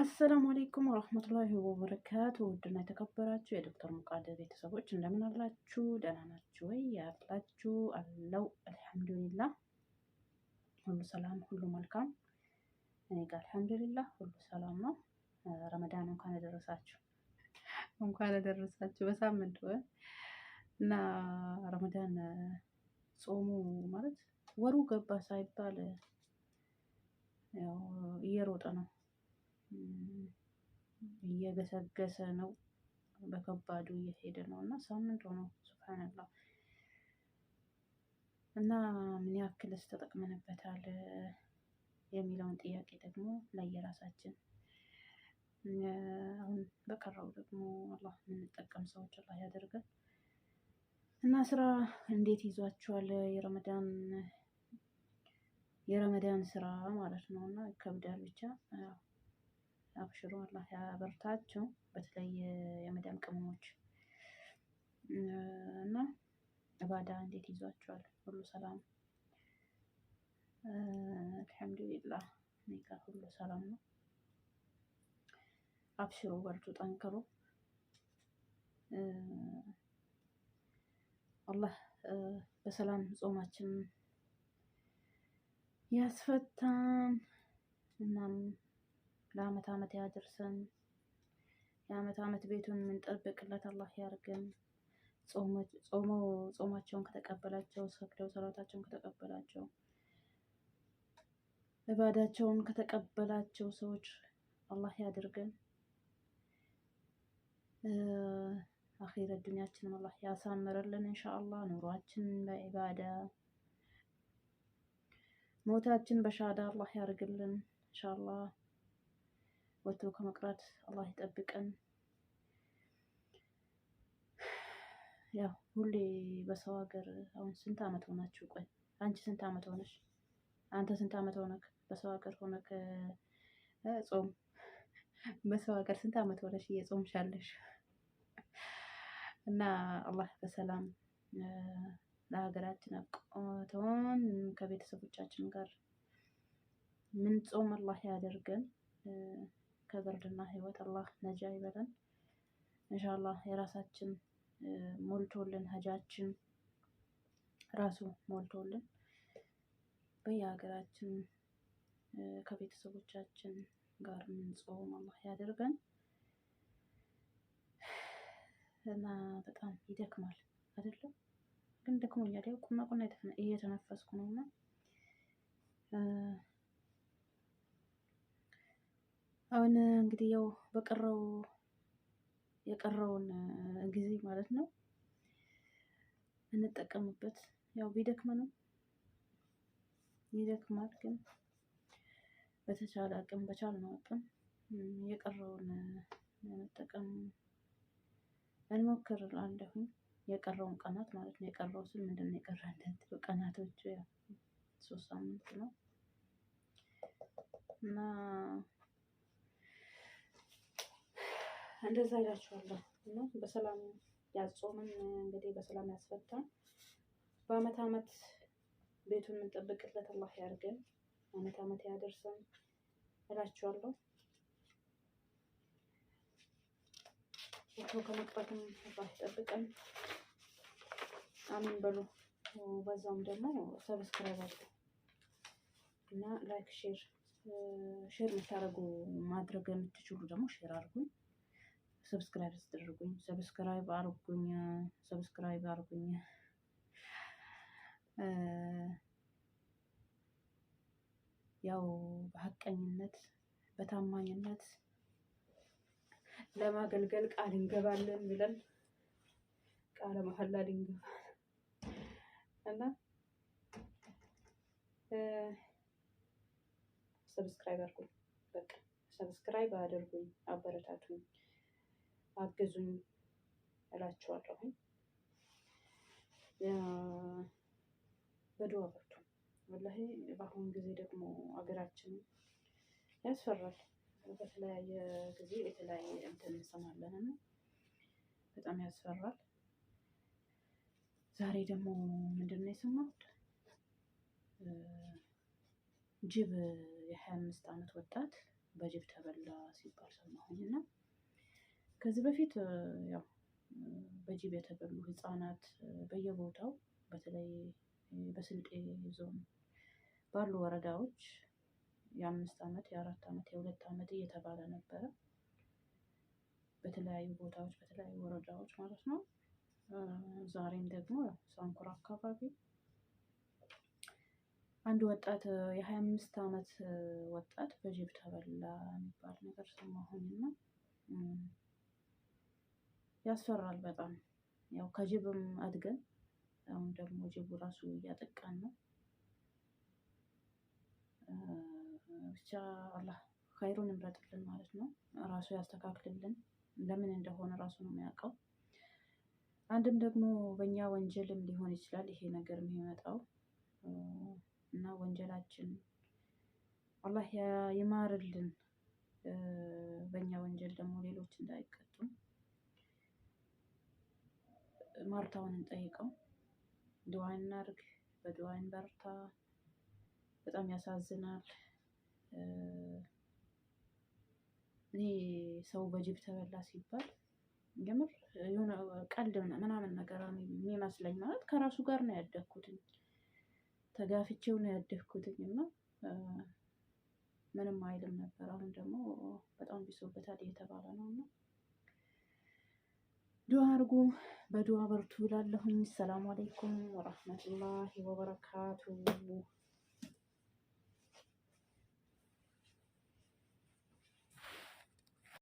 አሰላሙ አሌይኩም ወረህመቱላሂ ወበረካቱ። ውድና የተከበራችሁ የዶክተር ሙቃደ ቤተሰቦች እንደምን አላችሁ? ደህና ናችሁ ወይ? ያላችሁ አለው። አልሐምዱሊላህ ሁሉ ሰላም፣ ሁሉ መልካም። እኔ ጋር አልሐምዱሊላህ ሁሉ ሰላም ነው። ረመዳን እንኳን ያደረሳችሁ እንኳን ያደረሳችሁ በሳምንቱ እና ረመዳን ጾሙ ማለት ወሩ ገባ ሳይባል ያው እየሮጠ ነው እየገሰገሰ ነው፣ በከባዱ እየሄደ ነው እና ሳምንት ሆኖ ሱብሃነላ እና ምን ያክልስ ተጠቅመንበታል የሚለውን ጥያቄ ደግሞ ለየራሳችን አሁን በቀረው ደግሞ አላህ የምንጠቀም ሰዎች አላህ ያደርገን። እና ስራ እንዴት ይዟችኋል? የረመዳን የረመዳን ስራ ማለት ነው እና ይከብዳል ብቻ አብሽሩ፣ አላህ ያበርታችሁ። በተለይ የመዳም ቅመሞች እና እባዳ እንዴት ይዟችኋል? ሁሉ ሰላም? አልሐምዱሊላህ እኔ ጋር ሁሉ ሰላም ነው። አብሽሮ በርቱ፣ ጠንክሮ አላህ በሰላም ጾማችን ያስፈታን። እናም ለአመት አመት ያድርሰን። የአመት አመት ቤቱን የምንጠብቅለት አላህ ያርገን። ጾመው ጾማቸውን ከተቀበላቸው ሰግደው ሰላታቸውን ከተቀበላቸው እባዳቸውን ከተቀበላቸው ሰዎች አላህ ያድርገን። አኺረ ዱንያችንም አላህ ያሳምርልን ኢንሻአላህ። ኑሯችን በኢባዳ ሞታችን በሻዳ አላህ ያርግልን ኢንሻአላህ። ወጥቶ ከመቅረት አላህ ይጠብቀን። ያው ሁሌ በሰው ሀገር አሁን ስንት አመት ሆናችሁ? ቆይ አንቺ ስንት አመት ሆነሽ? አንተ ስንት አመት ሆነክ? በሰው ሀገር ሆነክ ጾም በሰው ሀገር ስንት አመት ሆነሽ እየጾምሻለሽ? እና አላህ በሰላም ለሀገራችን አብቅቶን ከቤተሰቦቻችን ጋር ምን ጾም አላህ ያደርገን። ከብርድና ህይወት አላህ ነጃ ይበለን። እንሻላህ የራሳችን ሞልቶልን ሀጃችን ራሱ ሞልቶልን በየሀገራችን ከቤተሰቦቻችን ጋር የምንጾም አላህ ያደርገን እና በጣም ይደክማል አይደለም ግን ደክሞኛል። ያው ቁና ቁና እየተነፈስኩ ነውና አሁን እንግዲህ ያው በቀረው የቀረውን ጊዜ ማለት ነው እንጠቀምበት። ያው ቢደክመንም ይደክማል፣ ግን በተቻለ አቅም በቻልነው አቅም የቀረውን መጠቀም እንሞክር እላለሁኝ። የቀረውን ቀናት ማለት ነው። የቀረው ስል ምንድን ነው የቀረ እንደዚህ ቀናቶቹ ያው ሶስት ሳምንት ነው እና እንደዛ ይላችኋለሁ እና በሰላም ያጾምን እንግዲህ በሰላም ያስፈታን። በአመት አመት ቤቱን የምንጠብቅለት አላህ ያርገን አመት አመት ያደርሰን እላችኋለሁ። ወጥቶ ከመቅረትም አላህ ይጠብቀን። አሚን በሉ። በዛውም ደግሞ ሰብስክራይብ አድርጉ እና ላይክ ሼር ሼር የምታደርጉ ማድረግ የምትችሉ ደግሞ ሼር አድርጉኝ። ሰብስክራይብ ስታደርጉኝ ሰብስክራይብ አርጉኝ፣ ሰብስክራይብ አርጉኝ። ያው በሀቀኝነት በታማኝነት ለማገልገል ቃል እንገባለን ብለን ቃለ መሐላ ልንገባ እና ሰብስክራይብ አርጉኝ፣ በቃ ሰብስክራይብ አድርጉኝ፣ አበረታቱኝ። አገዙኝ እላችኋለሁኝ። በድዋ በርቱ። ወላሂ በአሁኑ ጊዜ ደግሞ አገራችን ያስፈራል። በተለያየ ጊዜ የተለያየ እንትን እንሰማለን እና በጣም ያስፈራል። ዛሬ ደግሞ ምንድን ነው የሰማሁት? ጅብ የሀያ አምስት አመት ወጣት በጅብ ተበላ ሲባል ሰማሁኝ እና ከዚህ በፊት ያው በጅብ የተበሉ ህፃናት በየቦታው በተለይ በስልጤ ዞን ባሉ ወረዳዎች የአምስት ዓመት የአራት ዓመት የሁለት ዓመት እየተባለ ነበረ። በተለያዩ ቦታዎች በተለያዩ ወረዳዎች ማለት ነው። ዛሬም ደግሞ ሳንኩራ አካባቢ አንድ ወጣት የሀያ አምስት ዓመት ወጣት በጅብ ተበላ የሚባል ነገር ሰማሁኝና ያስፈራል በጣም ያው ከጅብም አድገን አሁን ደግሞ ጅቡ ራሱ እያጠቃን ነው። ብቻ አላህ ኸይሩን እምረጥልን ማለት ነው። ራሱ ያስተካክልልን። ለምን እንደሆነ ራሱ ነው የሚያውቀው። አንድም ደግሞ በእኛ ወንጀልም ሊሆን ይችላል ይሄ ነገር የሚመጣው እና ወንጀላችን አላህ ይማርልን። በእኛ ወንጀል ደግሞ ሌሎች እንዳይቀር ማርታውን እንጠይቀው፣ ድዋ እናርግ፣ በድዋ እንበርታ። በጣም ያሳዝናል። እኔ ሰው በጅብ ተበላ ሲባል የምር የሆነ ቀልድ ምናምን ነገር የሚመስለኝ ማለት ከራሱ ጋር ነው ያደግኩትኝ፣ ተጋፍቼው ነው ያደግኩትኝ እና ምንም አይልም ነበር። አሁን ደግሞ በጣም ቢሶበታል እየተባለ ነው እና ዱዓ አርጉ በዱዓ በርቱ እላለሁኝ። ሰላም አለይኩም ወራህመቱላሂ ወበረካቱ።